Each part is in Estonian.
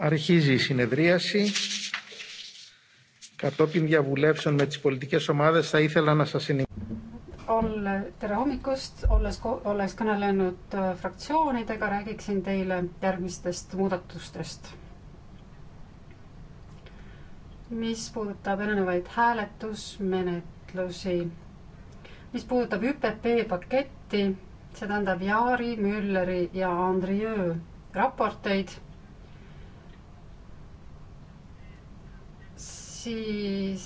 Αρχίζει η συνεδρίαση. Κατόπιν διαβουλεύσεων με τις πολιτικές ομάδες θα ήθελα να σας ενημερώσω. Tere hommikust, olles, olles kõnelenud äh, fraktsioonidega, räägiksin teile järgmistest muudatustest. Mis puudutab erinevaid hääletusmenetlusi, mis puudutab ÜPP paketti, see tähendab Jaari, Mülleri ja Andriöö raporteid siis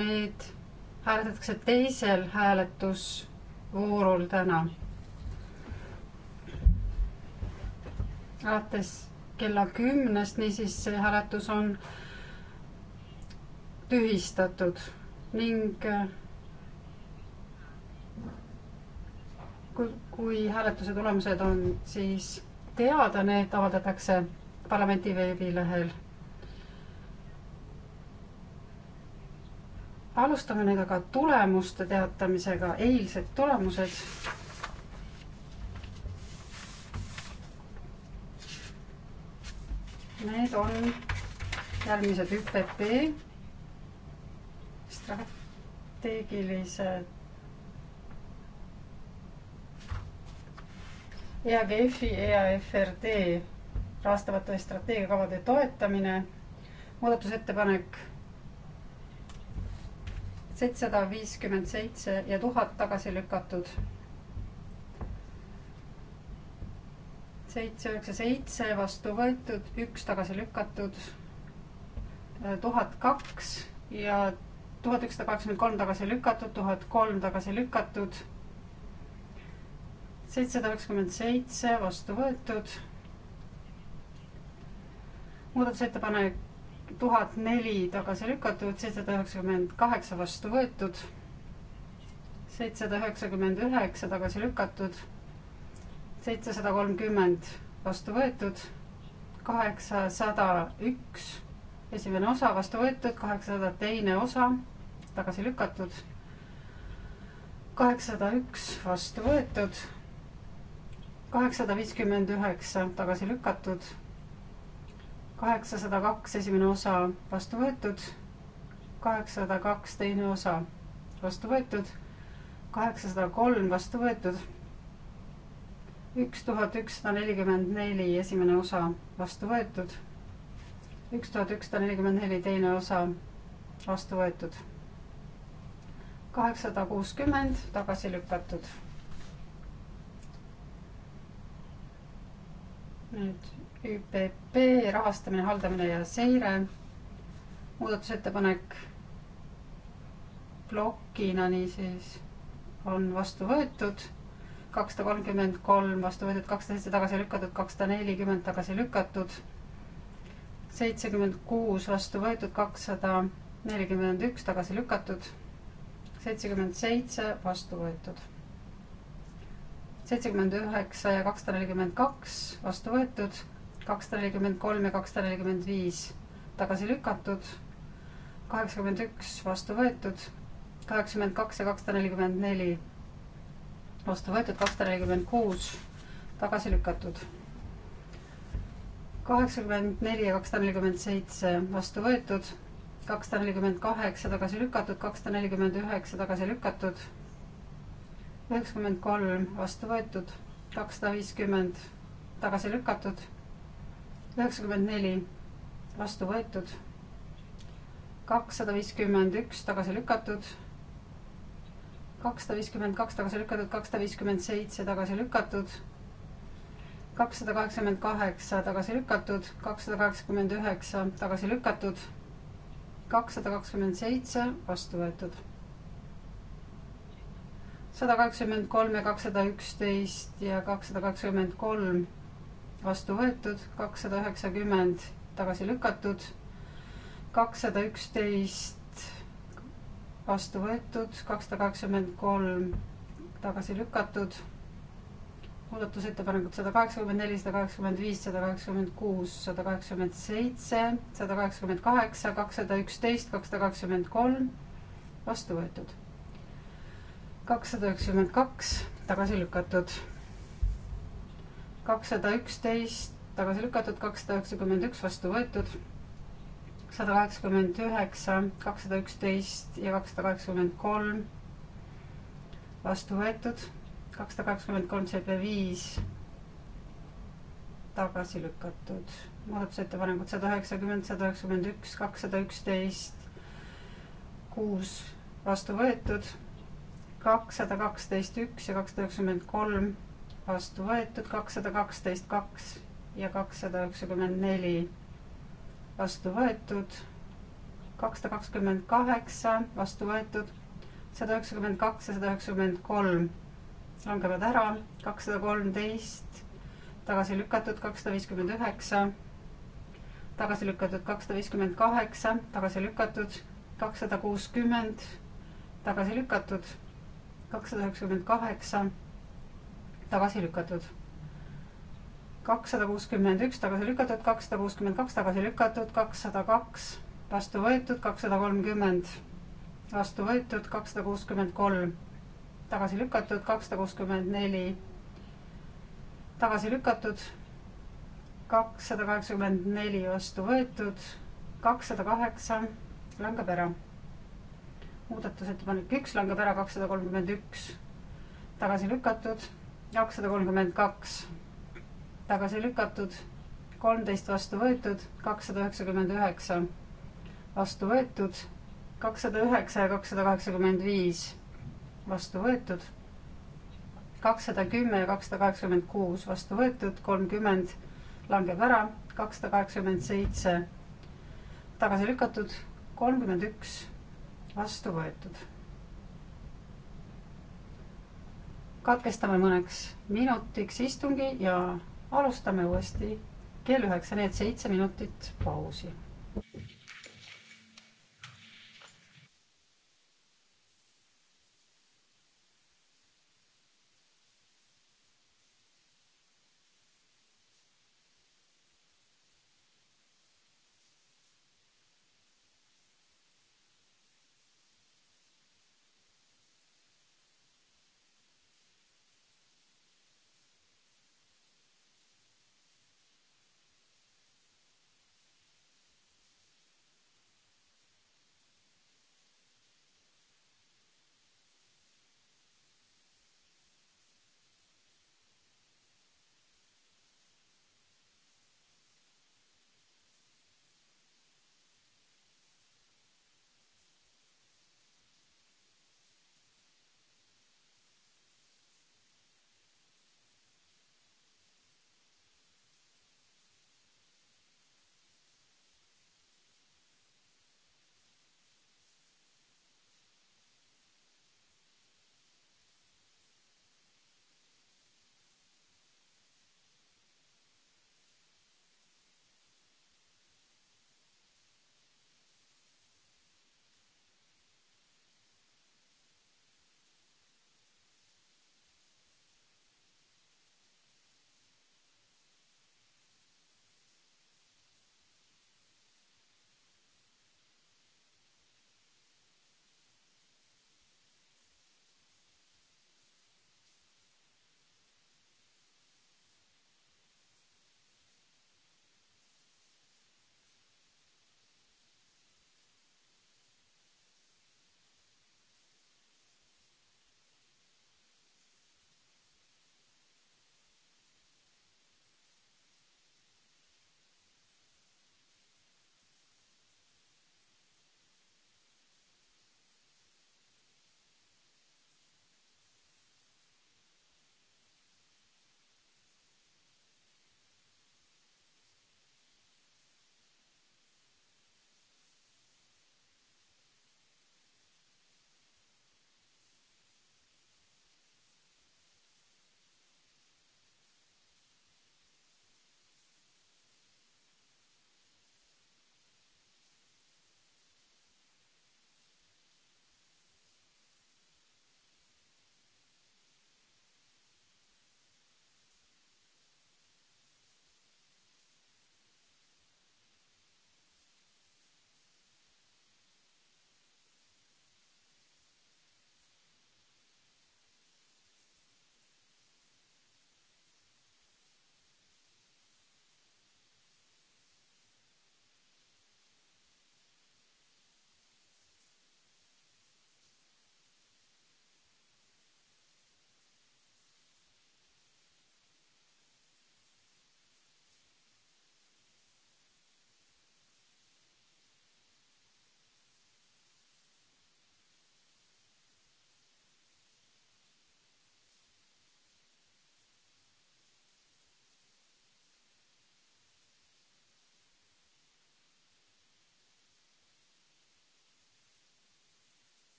need hääletatakse teisel hääletusvoorul täna. alates kella kümnest, niisiis see hääletus on tühistatud ning kui, kui hääletuse tulemused on siis teada, need avaldatakse parlamendi veebilehel alustame nüüd aga tulemuste teatamisega, eilsed tulemused. Need on järgmised ÜPP strateegilised EAGF-i, EAFRD rahastavate strateegiakavade toetamine, muudatusettepanek seitsesada viiskümmend seitse ja tuhat tagasi lükatud. seitse, üheksa, seitse vastu võetud, üks tagasi lükatud, tuhat kaks ja tuhat ükssada kaheksakümmend kolm tagasi lükatud, tuhat kolm tagasi lükatud, seitsesada üheksakümmend seitse vastu võetud, muudatusettepanek tuhat neli tagasi lükatud, seitsesada üheksakümmend kaheksa vastu võetud, seitsesada üheksakümmend üheksa tagasi lükatud, seitsesada kolmkümmend vastu võetud, kaheksasada üks esimene osa vastu võetud, kaheksasada teine osa tagasi lükatud, kaheksasada üks vastu võetud, kaheksasada viiskümmend üheksa tagasi lükatud kaheksasada kaks esimene osa vastu võetud, kaheksasada kaks teine osa vastu võetud, kaheksasada kolm vastu võetud, üks tuhat ükssada nelikümmend neli esimene osa vastu võetud, üks tuhat ükssada nelikümmend neli teine osa vastu võetud, kaheksasada kuuskümmend tagasi lükatud. nüüd ÜPP rahastamine, haldamine ja seire. muudatusettepanek plokina niisiis on vastu võetud kakssada kolmkümmend kolm vastu võetud, kakssada seitse tagasi lükatud, kakssada nelikümmend tagasi lükatud, seitsekümmend kuus vastu võetud, kakssada nelikümmend üks tagasi lükatud, seitsekümmend seitse vastu võetud, seitsekümmend üheksa ja kakssada nelikümmend kaks vastu võetud, kakssada nelikümmend kolm ja kakssada nelikümmend viis tagasi lükatud, kaheksakümmend üks vastu võetud, kaheksakümmend kaks ja kakssada nelikümmend neli vastu võetud, kakssada nelikümmend kuus tagasi lükatud, kaheksakümmend neli ja kakssada nelikümmend seitse vastu võetud, kakssada nelikümmend kaheksa tagasi lükatud, kakssada nelikümmend üheksa tagasi lükatud, üheksakümmend kolm vastu võetud, kakssada viiskümmend tagasi lükatud üheksakümmend neli vastu võetud, kakssada viiskümmend üks tagasi lükatud, kakssada viiskümmend kaks tagasi lükatud, kakssada viiskümmend seitse tagasi lükatud, kakssada kaheksakümmend kaheksa tagasi lükatud, kakssada kaheksakümmend üheksa tagasi lükatud, kakssada kakskümmend seitse vastu võetud. sada kaheksakümmend kolm ja kakssada üksteist ja kakssada kakskümmend kolm vastu võetud, kakssada üheksakümmend tagasi lükatud, kakssada üksteist vastu võetud, kakssada kaheksakümmend kolm tagasi lükatud, muudatusettepanekud sada kaheksakümmend neli, sada kaheksakümmend viis, sada kaheksakümmend kuus, sada kaheksakümmend seitse, sada kaheksakümmend kaheksa, kakssada üksteist, kakssada kaheksakümmend kolm vastu võetud. kakssada üheksakümmend kaks tagasi lükatud kakssada üksteist tagasi lükatud, kakssada üheksakümmend üks vastu võetud, sada kaheksakümmend üheksa, kakssada üksteist ja kakssada kaheksakümmend kolm vastu võetud, kakssada kaheksakümmend kolm CP5 tagasi lükatud, muudatusettepanekud sada üheksakümmend, sada üheksakümmend üks, kakssada üksteist, kuus vastu võetud, kakssada kaksteist üks ja kakssada üheksakümmend kolm vastu võetud, kakssada kaksteist, kaks ja kakssada üheksakümmend neli vastu võetud, kakssada kakskümmend kaheksa vastu võetud, sada üheksakümmend kaks ja sada üheksakümmend kolm langevad ära, kakssada kolmteist tagasi lükatud, kakssada viiskümmend üheksa tagasi lükatud, kakssada viiskümmend kaheksa tagasi lükatud, kakssada kuuskümmend tagasi lükatud, kakssada üheksakümmend kaheksa tagasi lükatud. kakssada kuuskümmend üks tagasi lükatud, kakssada kuuskümmend kaks tagasi lükatud, kakssada kaks vastu võetud, kakssada kolmkümmend vastu võetud, kakssada kuuskümmend kolm tagasi lükatud, kakssada kuuskümmend neli tagasi lükatud, kakssada kaheksakümmend neli vastu võetud, kakssada kaheksa langeb ära muudatusettepanek üks langeb ära, kakssada kolmkümmend üks tagasi lükatud kakssada kolmkümmend kaks tagasi lükatud, kolmteist vastu võetud, kakssada üheksakümmend üheksa vastu võetud, kakssada üheksa ja kakssada kaheksakümmend viis vastu võetud, kakssada kümme ja kakssada kaheksakümmend kuus vastu võetud, kolmkümmend langeb ära, kakssada kaheksakümmend seitse tagasi lükatud, kolmkümmend üks vastu võetud katkestame mõneks minutiks istungi ja alustame uuesti kell üheksa, nii et seitse minutit pausi.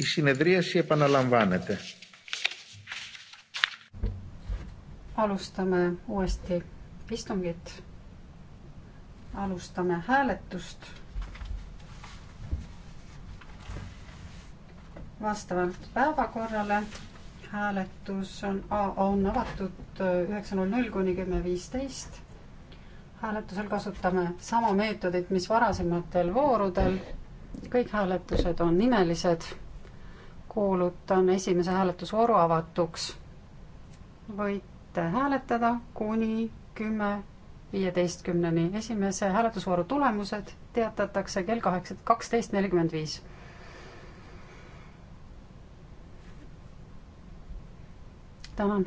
Η συνεδρίαση επαναλαμβάνεται. Alustame uuesti istungit. Alustame hääletust. Vastavalt päevakorrale hääletus on, on avatud 9.00 kuni 10.15. Hääletusel kasutame sama meetodit, mis varasematel voorudel. Kõik hääletused on nimelised kuulutan esimese hääletusvooru avatuks. võite hääletada kuni kümme viieteistkümneni. esimese hääletusvooru tulemused teatatakse kell kaheksa, kaksteist nelikümmend viis. tänan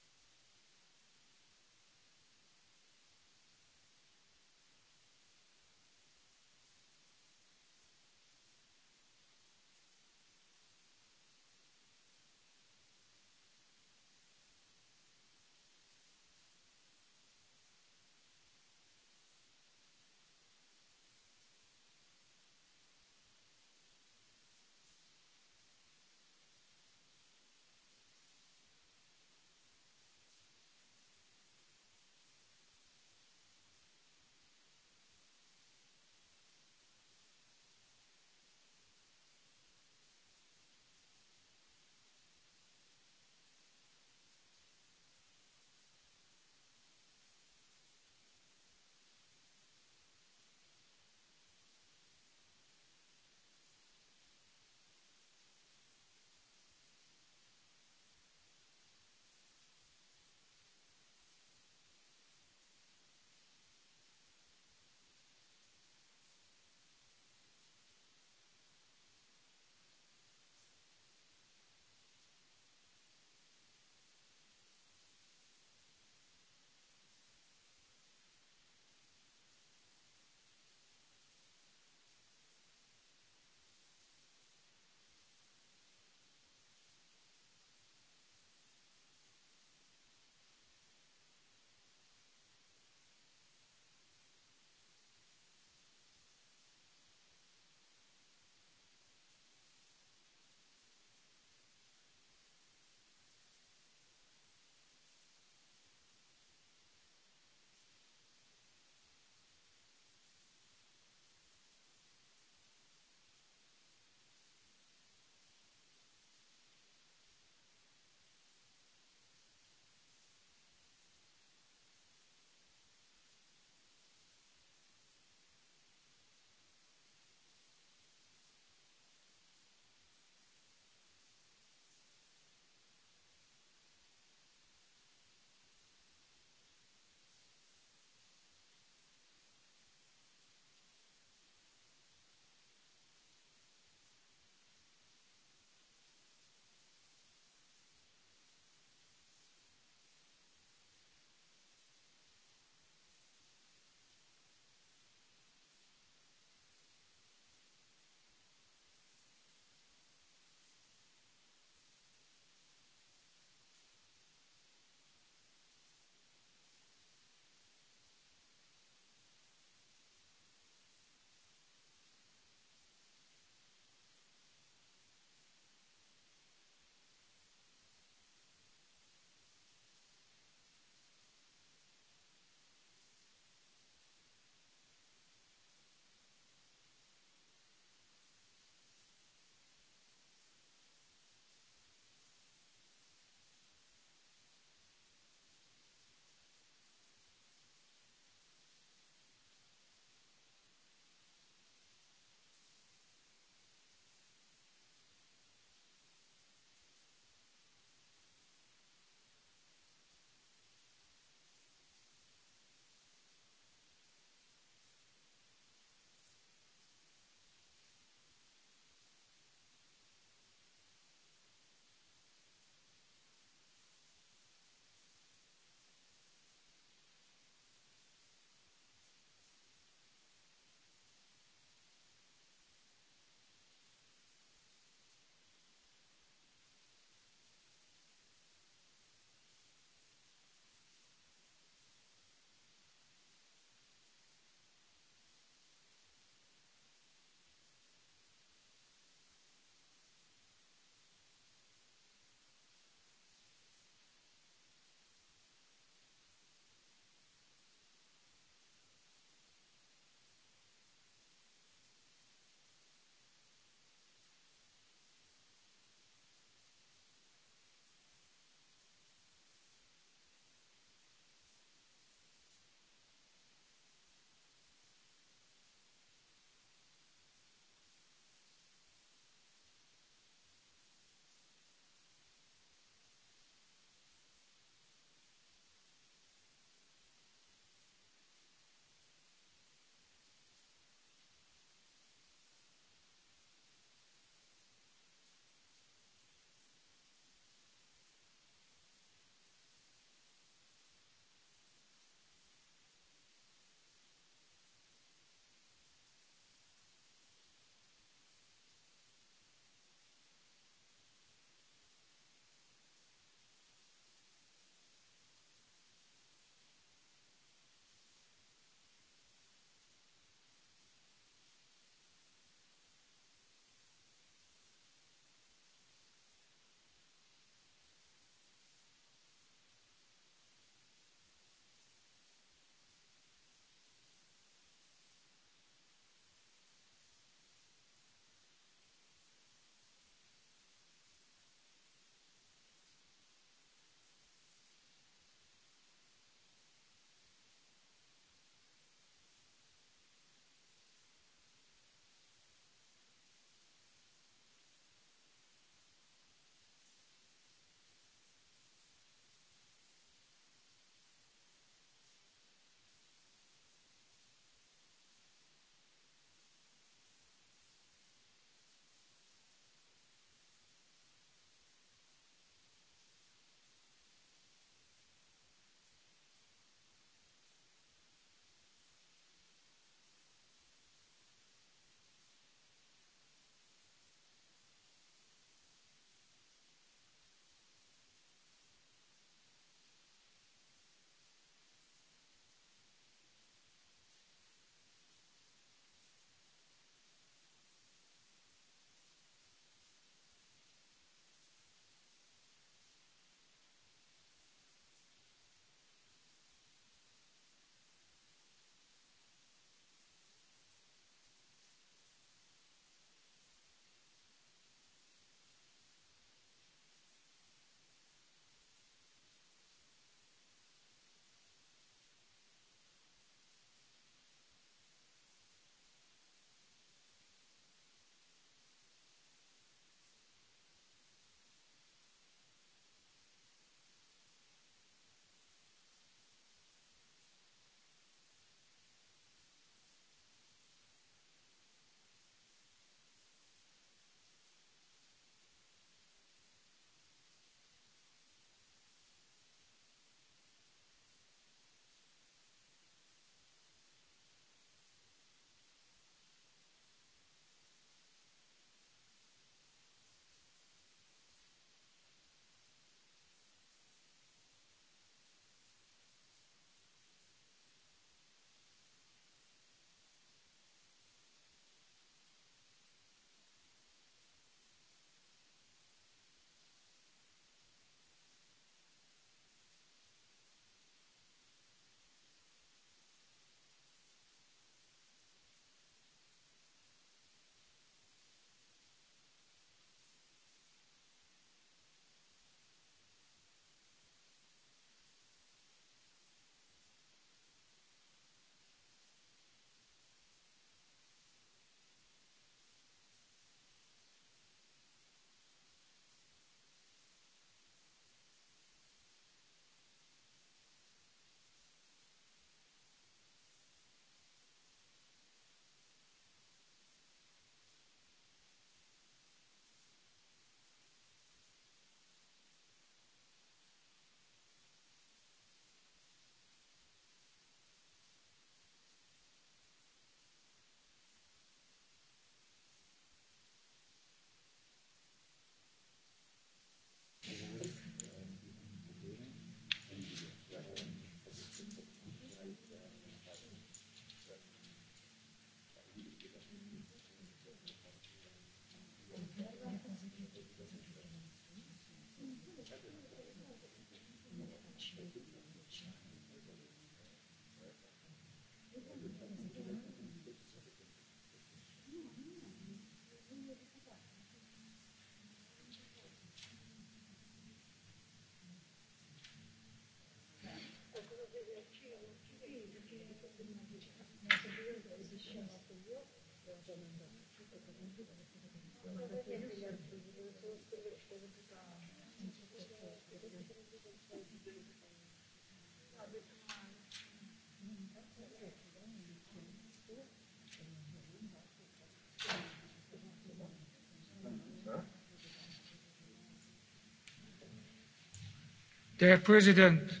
Der Herr Präsident.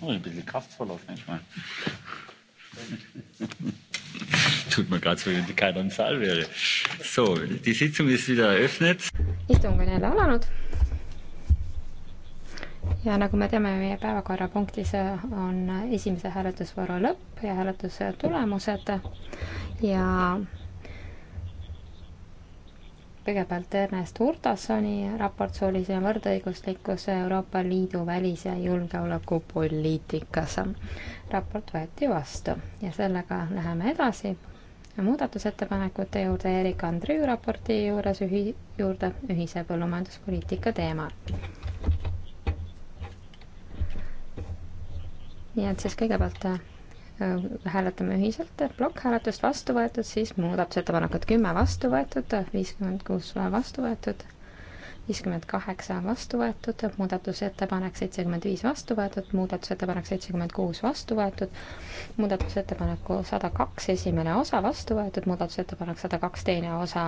Oh, ein bisschen kraftvoll auf manchmal tut man gerade so, wenn keiner im Saal wäre. So, die Sitzung ist wieder eröffnet. istung on jälle alanud. ja nagu me teame, meie päevakorrapunktis äh, on äh, esimese hääletusvooru lõpp ja hääletuse tulemused ja kõigepealt Ernest Urtasoni raport soolise võrdõiguslikkuse Euroopa Liidu välis- ja julgeolekupoliitikas. raport võeti vastu ja sellega läheme edasi muudatusettepanekute juurde Erika Andrüü raporti juures ühi-, juurde ühise põllumajanduspoliitika teemal. nii et siis kõigepealt äh, hääletame ühiselt, plokkhääletust vastu võetud, siis muudatusettepanekud kümme vastu võetud, viiskümmend kuus vastu võetud, viiskümmend kaheksa vastu võetud, muudatusettepanek seitsekümmend viis vastu võetud, muudatusettepanek seitsekümmend kuus vastu võetud, muudatusettepaneku sada kaks esimene osa vastu võetud, muudatusettepanek sada kaks teine osa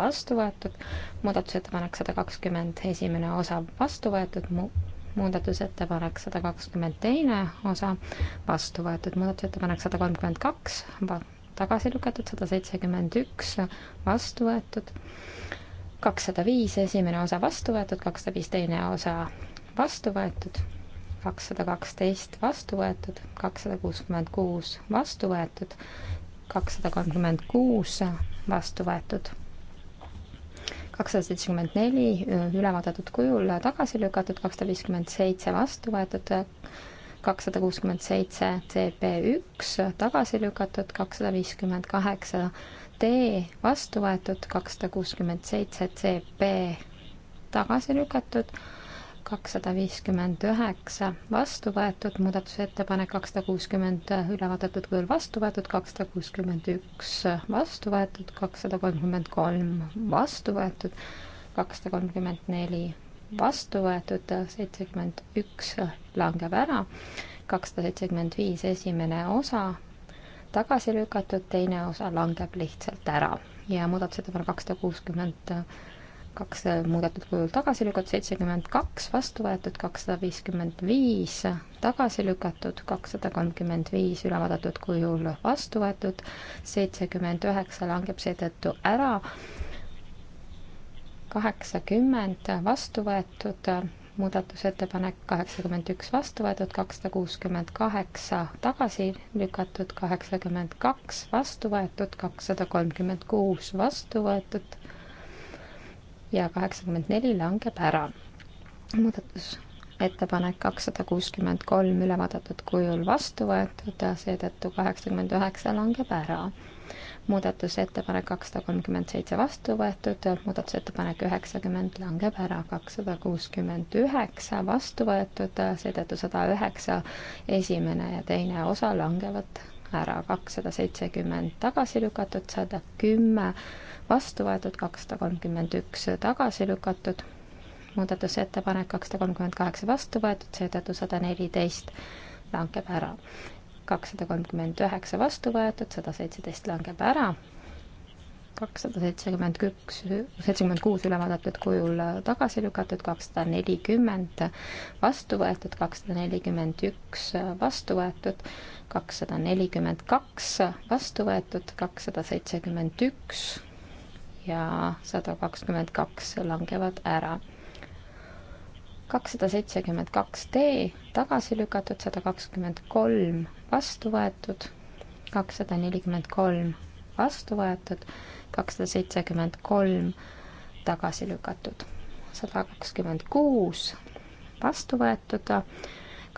vastu võetud, muudatusettepanek sada kakskümmend esimene osa vastu võetud, muudatusettepanek sada kakskümmend teine osa, vastu võetud muudatusettepanek sada kolmkümmend kaks, tagasi lükatud sada seitsekümmend üks, vastu võetud kakssada viis esimene osa vastu võetud, kakssada viis teine osa vastu võetud, kakssada kaksteist vastu võetud, kakssada kuuskümmend kuus vastu võetud, kakssada kolmkümmend kuus vastu võetud, kakssada seitsekümmend neli äh, üle vaadatud kujul tagasi lükatud, kakssada viiskümmend seitse vastu võetud, kakssada kuuskümmend seitse CP üks tagasi lükatud, kakssada viiskümmend kaheksa D vastu võetud, kakssada kuuskümmend seitse CB tagasi lükatud, kakssada viiskümmend üheksa vastu võetud, muudatusettepanek kakssada kuuskümmend üle vaadatud kujul vastu võetud, kakssada kuuskümmend üks vastu võetud, kakssada kolmkümmend kolm vastu võetud, kakssada kolmkümmend neli vastu võetud, seitsekümmend üks langeb ära, kakssada seitsekümmend viis esimene osa tagasi lükatud, teine osa langeb lihtsalt ära ja muudatusettepanek kakssada kuuskümmend kaks muudetud kujul tagasi lükatud, seitsekümmend kaks vastu võetud, kakssada viiskümmend viis tagasi lükatud, kakssada kolmkümmend viis üle vaadatud kujul vastu võetud, seitsekümmend üheksa langeb seetõttu ära, kaheksakümmend vastu võetud muudatusettepanek kaheksakümmend üks vastu võetud, kakssada kuuskümmend kaheksa tagasi lükatud, kaheksakümmend kaks vastu võetud, kakssada kolmkümmend kuus vastu võetud ja kaheksakümmend neli langeb ära. muudatusettepanek kakssada kuuskümmend kolm üle vaadatud kujul vastu võetud ja seetõttu kaheksakümmend üheksa langeb ära muudatusettepanek kakssada kolmkümmend seitse vastu võetud, muudatusettepanek üheksakümmend langeb ära, kakssada kuuskümmend üheksa vastu võetud, seetõttu sada üheksa esimene ja teine osa langevad ära, kakssada seitsekümmend tagasi lükatud, sada kümme vastu võetud, kakssada kolmkümmend üks tagasi lükatud, muudatusettepanek kakssada kolmkümmend kaheksa vastu võetud, seetõttu sada neliteist langeb ära kakssada kolmkümmend üheksa vastu võetud, sada seitseteist langeb ära, kakssada seitsekümmend üks, seitsekümmend kuus üle vaadatud kujul tagasi lükatud, kakssada nelikümmend vastu võetud, kakssada nelikümmend üks vastu võetud, kakssada nelikümmend kaks vastu võetud, kakssada seitsekümmend üks ja sada kakskümmend kaks langevad ära kakssada seitsekümmend kaks D tagasi lükatud, sada kakskümmend kolm vastu võetud, kakssada nelikümmend kolm vastu võetud, kakssada seitsekümmend kolm tagasi lükatud, sada kakskümmend kuus vastu võetud,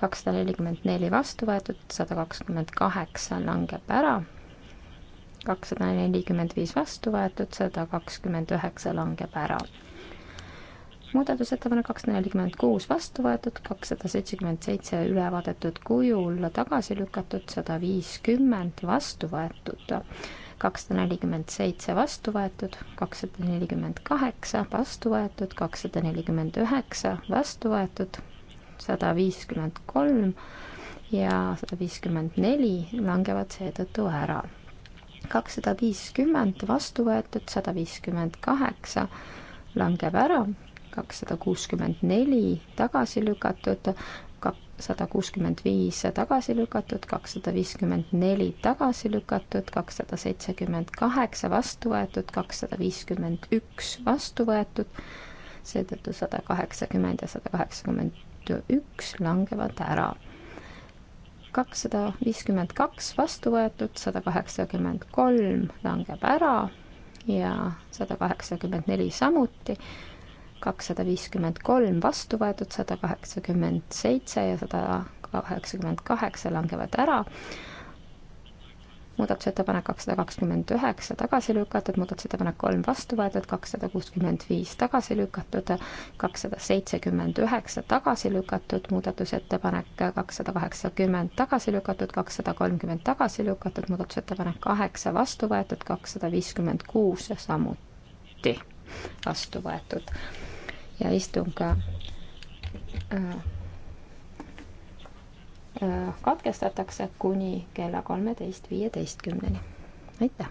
kakssada nelikümmend neli vastu võetud, sada kakskümmend kaheksa langeb ära, kakssada nelikümmend viis vastu võetud, sada kakskümmend üheksa langeb ära muudatusettepanek kakssada nelikümmend kuus vastu võetud, kakssada seitsekümmend seitse üle vaadatud kujul tagasi lükatud, sada viiskümmend vastu võetud, kakssada nelikümmend seitse vastu võetud, kakssada nelikümmend kaheksa vastu võetud, kakssada nelikümmend üheksa vastu võetud, sada viiskümmend kolm ja sada viiskümmend neli langevad seetõttu ära kakssada viiskümmend vastu võetud, sada viiskümmend kaheksa langeb ära, kakssada kuuskümmend neli tagasi lükatud, kakssada kuuskümmend viis tagasi lükatud, kakssada viiskümmend neli tagasi lükatud, kakssada seitsekümmend kaheksa vastu võetud, kakssada viiskümmend üks vastu võetud, seetõttu sada kaheksakümmend ja sada kaheksakümmend üks langevad ära kakssada viiskümmend kaks vastu võetud, sada kaheksakümmend kolm langeb ära ja sada kaheksakümmend neli samuti kakssada viiskümmend kolm vastu võetud, sada kaheksakümmend seitse ja sada kaheksakümmend kaheksa langevad ära. muudatusettepanek kakssada kakskümmend üheksa tagasi lükatud, muudatusettepanek kolm vastu võetud, kakssada kuuskümmend viis tagasi lükatud, kakssada seitsekümmend üheksa tagasi lükatud, muudatusettepanek kakssada kaheksakümmend tagasi lükatud, kakssada kolmkümmend tagasi lükatud, muudatusettepanek kaheksa vastu võetud, kakssada viiskümmend kuus samuti vastu võetud ja istung äh, äh, katkestatakse kuni kella kolmeteist viieteistkümneni. aitäh!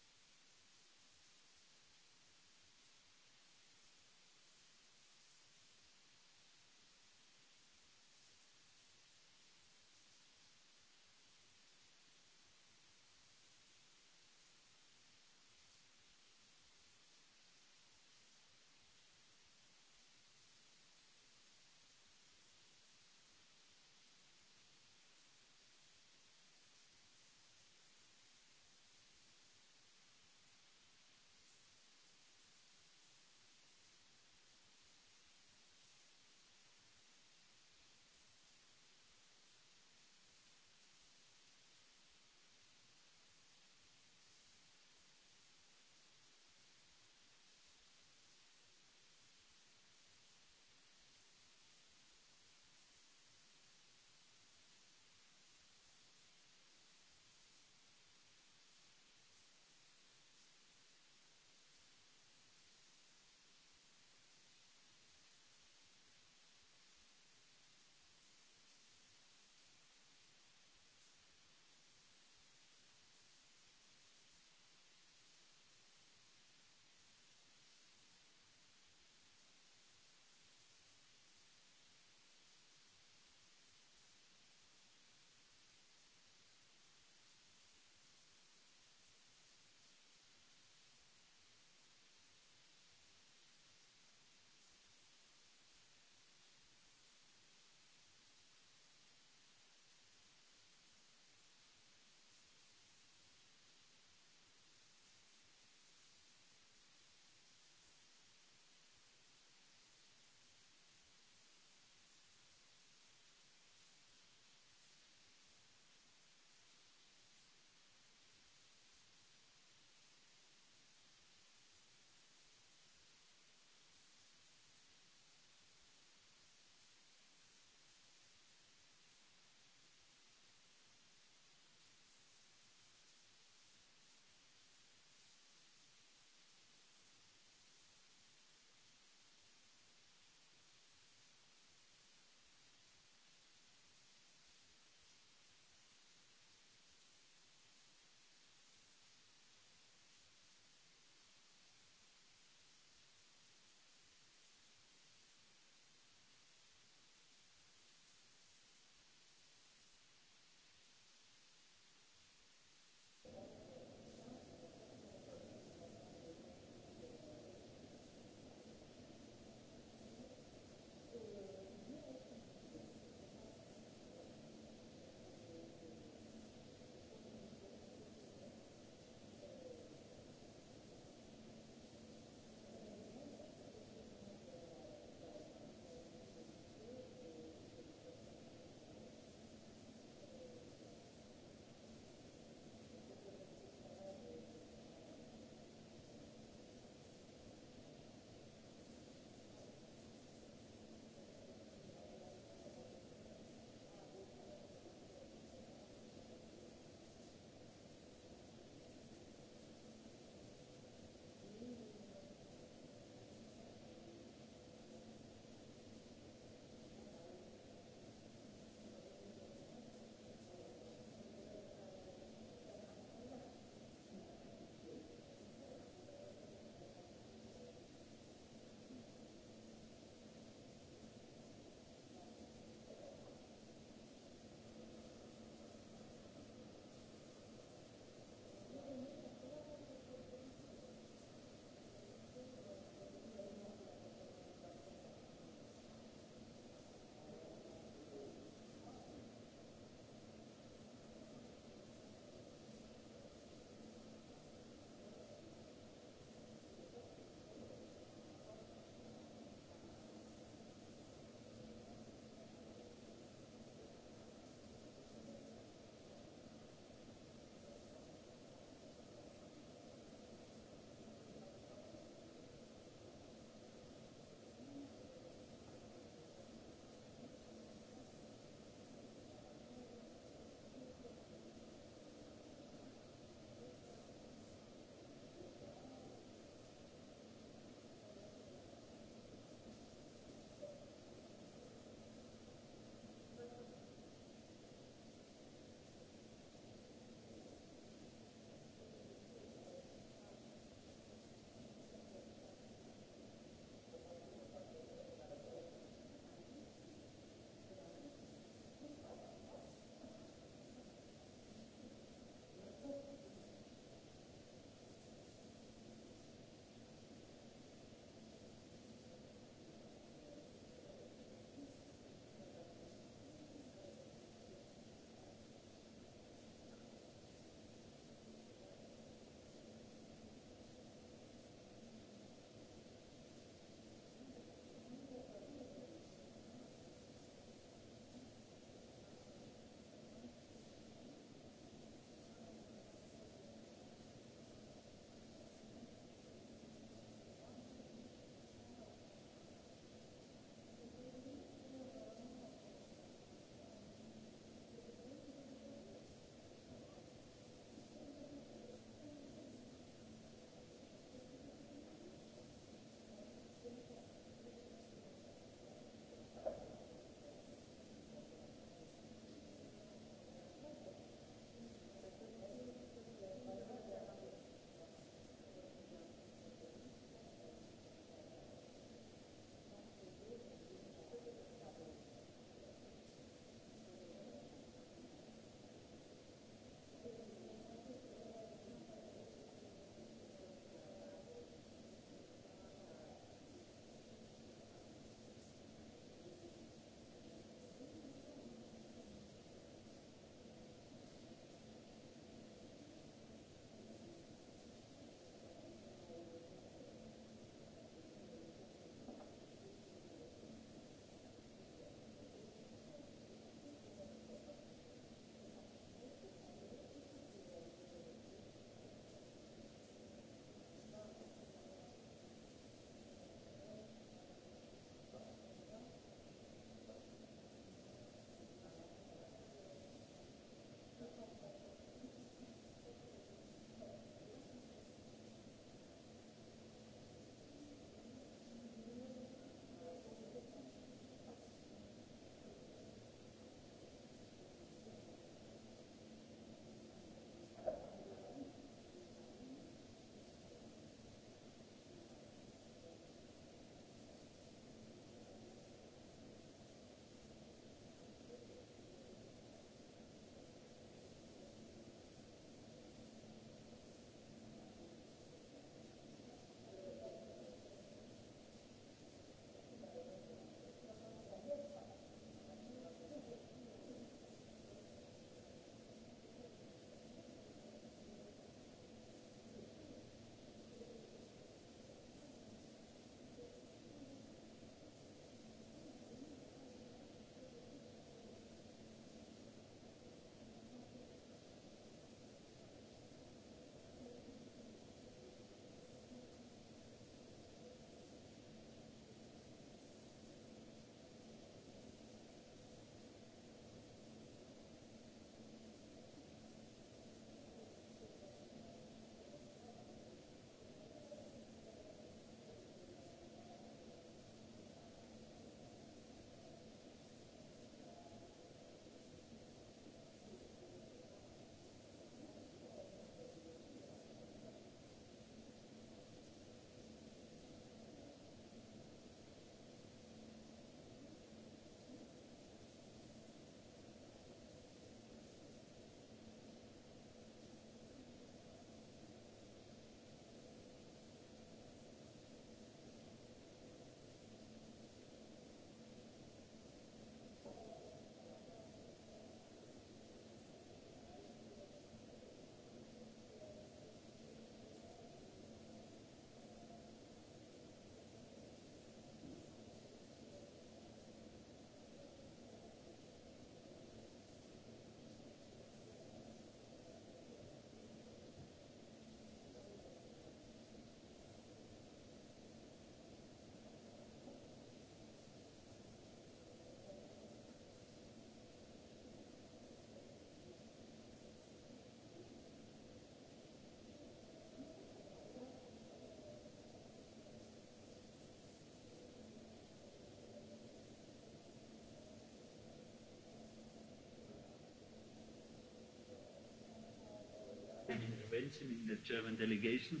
intervention in the German delegation.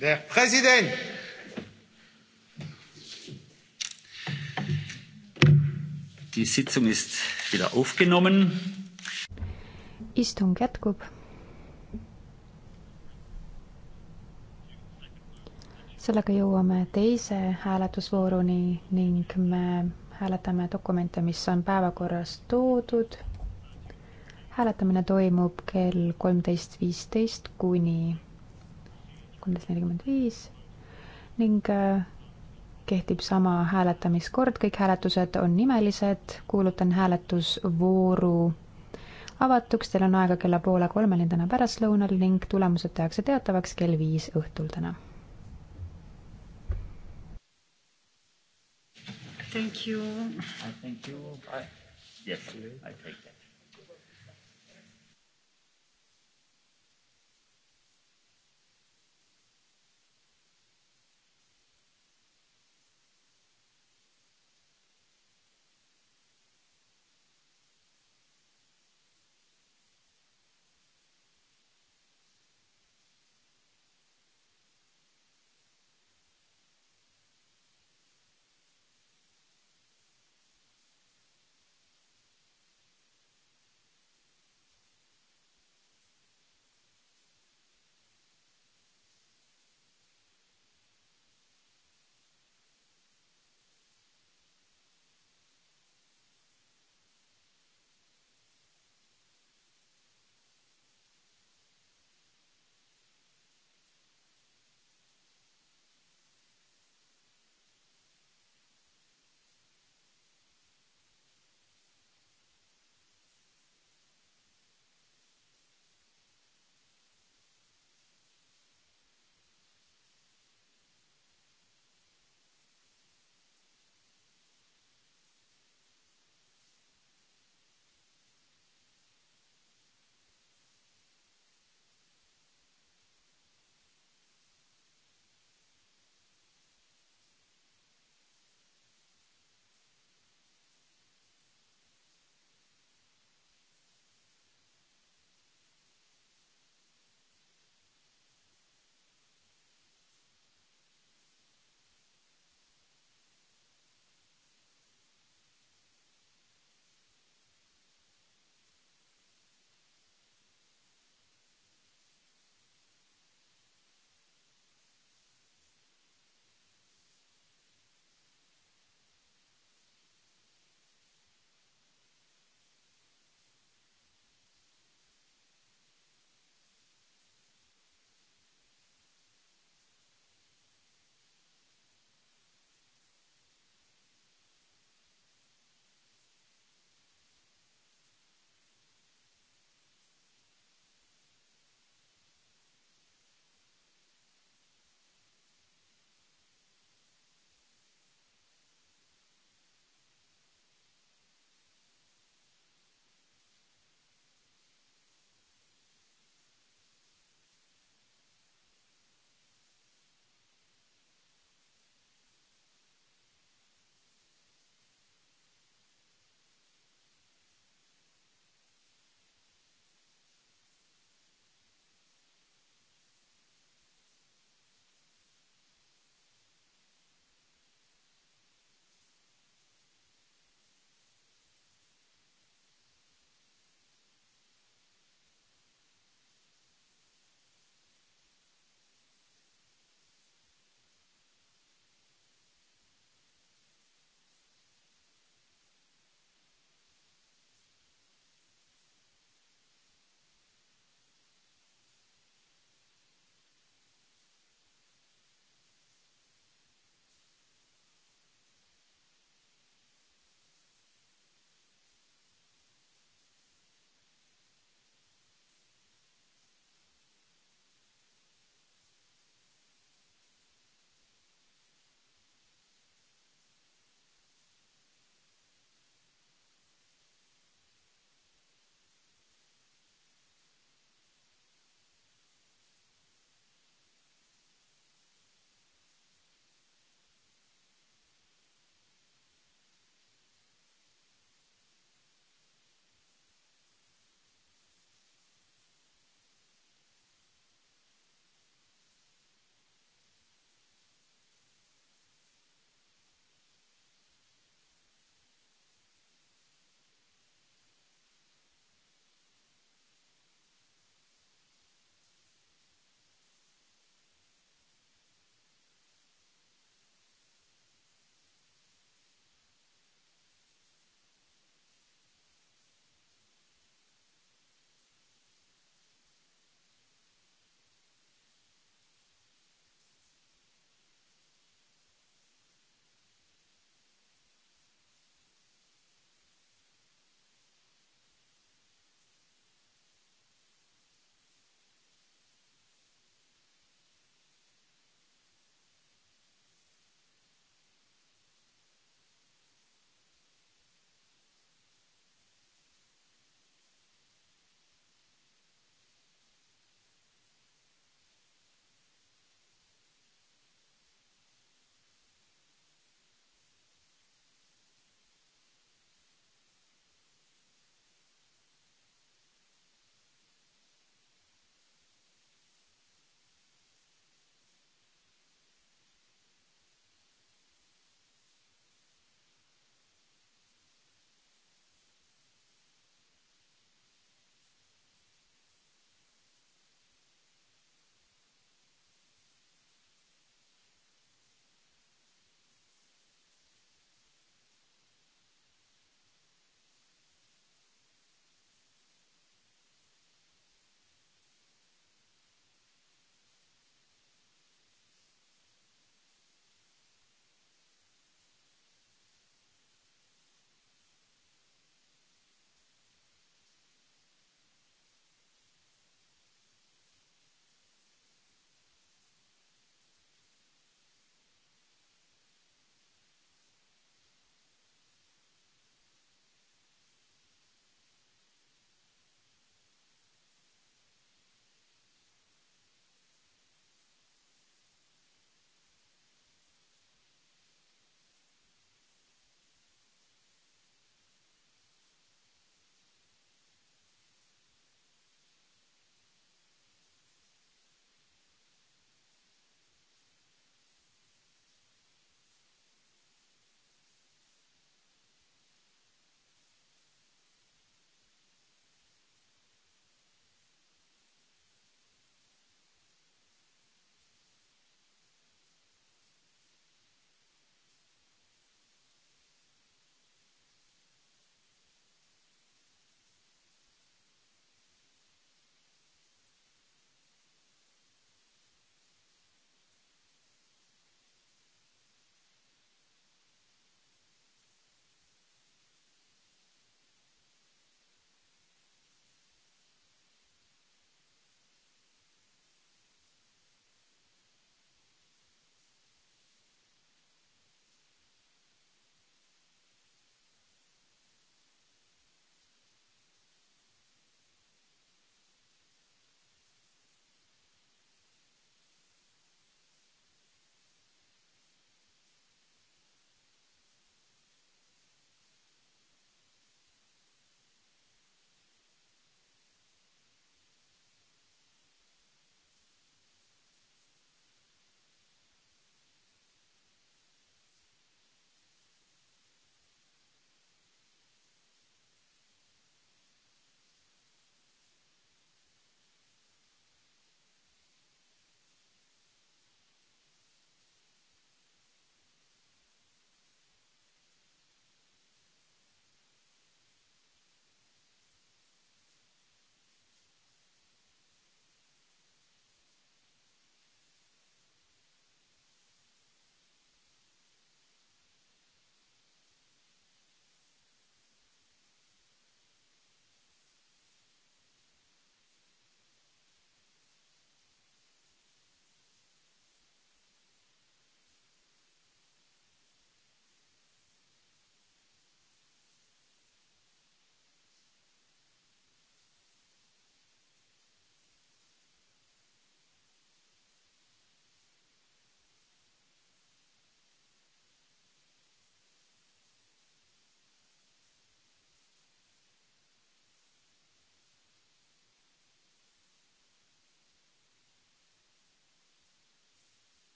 Der Präsident! Die Sitzung ist wieder aufgenommen. Istung jätkub. sellega jõuame teise hääletusvooruni ning me hääletame dokumente, mis on päevakorras toodud hääletamine toimub kell kolmteist viisteist kuni kolmteist nelikümmend viis ning äh, kehtib sama hääletamiskord, kõik hääletused on nimelised, kuulutan hääletusvooru avatuks, teil on aega kella poole kolmeni täna pärastlõunal ning tulemused tehakse teatavaks kell viis õhtul täna. Thank you. Thank you. I, yes, I take that.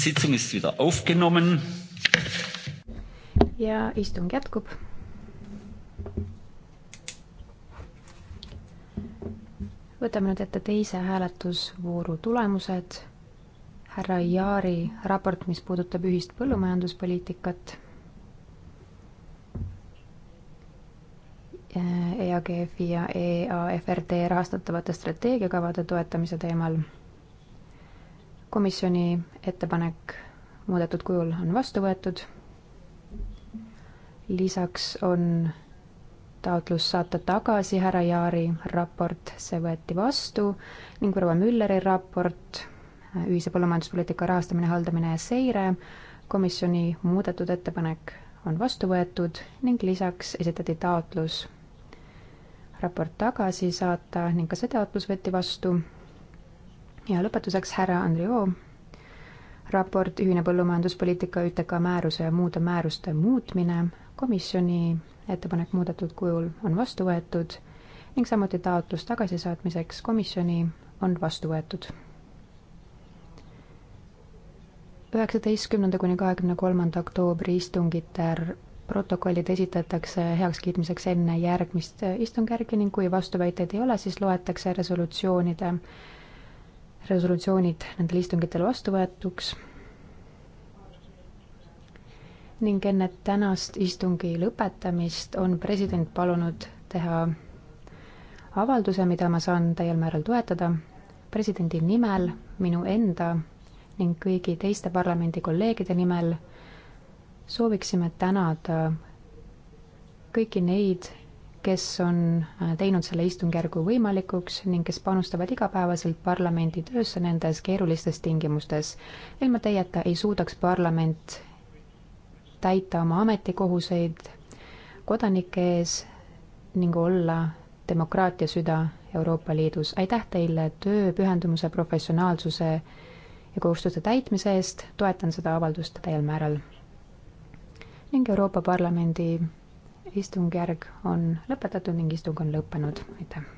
Sitzung ist wieder aufgenommen. ja istung jätkub. võtame nüüd ette teise hääletusvooru tulemused. härra Jaari raport, mis puudutab ühist põllumajanduspoliitikat. EAGF-i ja EAFRD rahastatavate strateegiakavade toetamise teemal komisjoni ettepanek muudetud kujul on vastu võetud. lisaks on taotlus saata tagasi härra Jaari raport, see võeti vastu ning proua Mülleri raport, ühise põllumajanduspoliitika rahastamine, haldamine ja seire, komisjoni muudetud ettepanek on vastu võetud ning lisaks esitati taotlus raport tagasi saata ning ka see taotlus võeti vastu ja lõpetuseks härra Andrio raport Ühine põllumajanduspoliitika ÜTK määruse ja muude määruste muutmine, komisjoni ettepanek muudetud kujul on vastu võetud ning samuti taotlus tagasisaatmiseks komisjoni on vastu võetud. üheksateistkümnenda kuni kahekümne kolmanda oktoobri istungite protokollid esitatakse heakskiitmiseks enne järgmist äh, istungjärgi ning kui vastuväiteid ei ole, siis loetakse resolutsioonide resolutsioonid nendel istungitel vastuvõetuks ning enne tänast istungi lõpetamist on president palunud teha avalduse, mida ma saan täiel määral toetada. presidendi nimel, minu enda ning kõigi teiste parlamendi kolleegide nimel sooviksime tänada kõiki neid kes on äh, teinud selle istungjärgu võimalikuks ning kes panustavad igapäevaselt parlamendi töösse nendes keerulistes tingimustes. ilma teieta ei suudaks parlament täita oma ametikohuseid kodanike ees ning olla demokraatia süda Euroopa Liidus. aitäh teile töö, pühendumuse, professionaalsuse ja kohustuste täitmise eest, toetan seda avaldust täiel määral. ning Euroopa Parlamendi istungjärk on lõpetatud ning istung on lõppenud, aitäh!